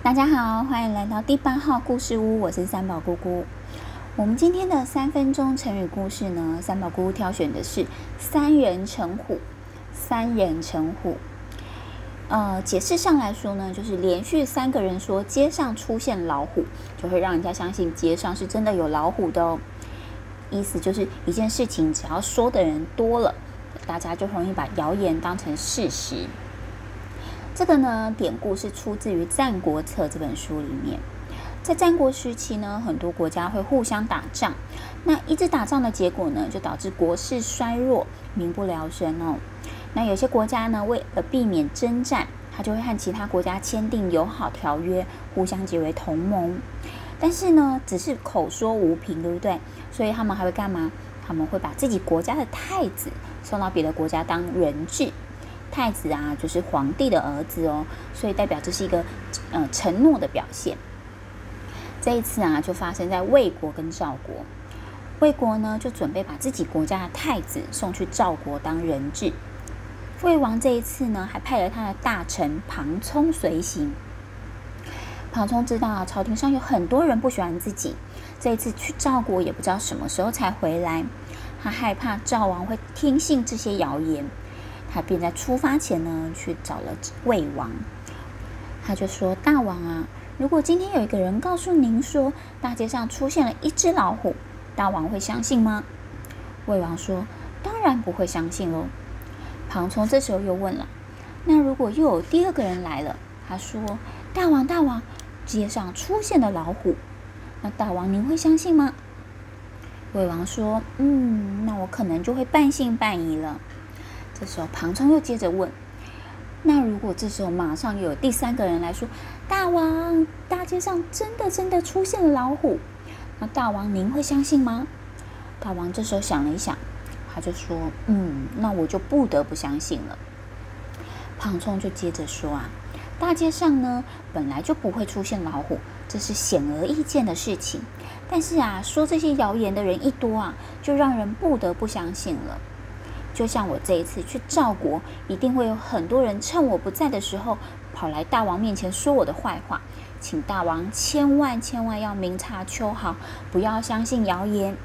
大家好，歡迎來到第八號故事屋，我是三寶姑姑。我們今天的三分鐘成語故事呢，三寶姑姑挑選的是“三人成虎”。三人成虎，呃，解釋上來說呢，就是連續三個人說街上出現老虎，就會讓人家相信街上是真的有老虎的哦。意思就是一件事情，只要說的人多了，大家就容易把謠言當成事實。這個呢，典故是出自於《戰國策》這本書裡面。在戰國時期呢，很多國家會互相打仗。那一直打仗的結果呢，就導致國勢衰弱，民不聊生哦。那有些國家呢，為了避免征戰，他就會和其他國家簽訂友好條約，互相結為同盟。但是呢，只是口說無憑，對不對？所以他們還會幹嘛？他們會把自己國家的太子送到別的國家當人質。太子啊，就是皇帝的兒子哦，所以代表這是一個呃承諾的表現。這一次啊，就發生在魏國跟趙國。魏國呢，就準備把自己國家的太子送去趙國當人質。魏王這一次呢，還派了他的大臣龐蔥隨行。龐蔥知道朝廷上有很多人不喜歡自己，這一次去趙國也不知道什麼時候才回來，他害怕趙王會聽信這些謠言。他便在出發前呢，去找了魏王。他就說：“大王啊，如果今天有一個人告訴您說，大街上出現了一隻老虎，大王會相信嗎？”魏王說：“當然不會相信哦。”龐蔥這時候又問了：“那如果又有第二個人來了，他說：‘大王大王，街上出現了老虎，那大王您會相信嗎？’”魏王說：“嗯，那我可能就會半信半疑了。”這時候，龐沖又接着問：“那如果這時候馬上有第三個人來說，大王，大街上真的真的出現了老虎，那大王您會相信嗎？”大王這時候想了一想，他就說：“嗯，那我就不得不相信了。”龐沖就接着說：“啊，大街上呢本來就不會出現老虎，這是顯而易見的事情。但是啊，說這些謠言的人一多啊，就讓人不得不相信了。”就像我這一次去趙國，一定會有很多人趁我不在的時候跑來大王面前說我的壞話，請大王千萬千萬要明察秋毫，不要相信謠言。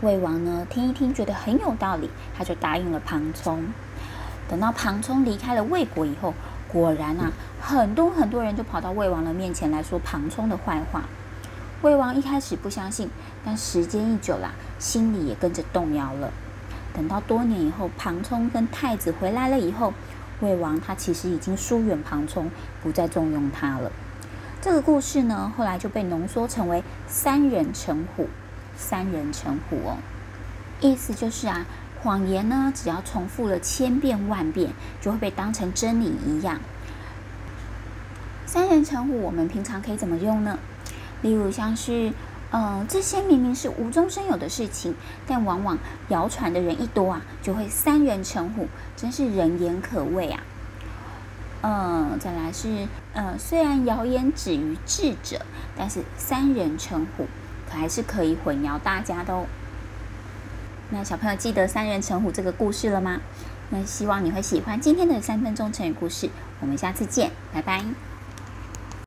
魏王呢，聽一聽覺得很有道理，他就答應了龐蔥。等到龐蔥離開了魏國以後，果然啊，很多很多人就跑到魏王的面前來說龐蔥的壞話。魏王一開始不相信，但時間一久了，心裡也跟着動搖了。等到多年以後，龐蔥跟太子回來了以後，魏王他其實已經疏遠龐蔥，不再重用他了。這個故事呢，後來就被濃縮成為“三人成虎”。三人成虎哦，意思就是啊，謊言呢，只要重複了千遍萬遍，就會被當成真理一樣。三人成虎，我們平常可以怎麼用呢？例如像是。嗯、呃，這些明明是無中生有的事情，但往往謠傳的人一多啊，就會三人成虎，真是人言可畏啊。嗯、呃，再來是，嗯、呃，雖然謠言止於智者，但是三人成虎，可還是可以混淆大家的哦。那小朋友記得三人成虎這個故事了嗎？那希望你會喜歡今天的三分鐘成語故事，我們下次見，拜拜。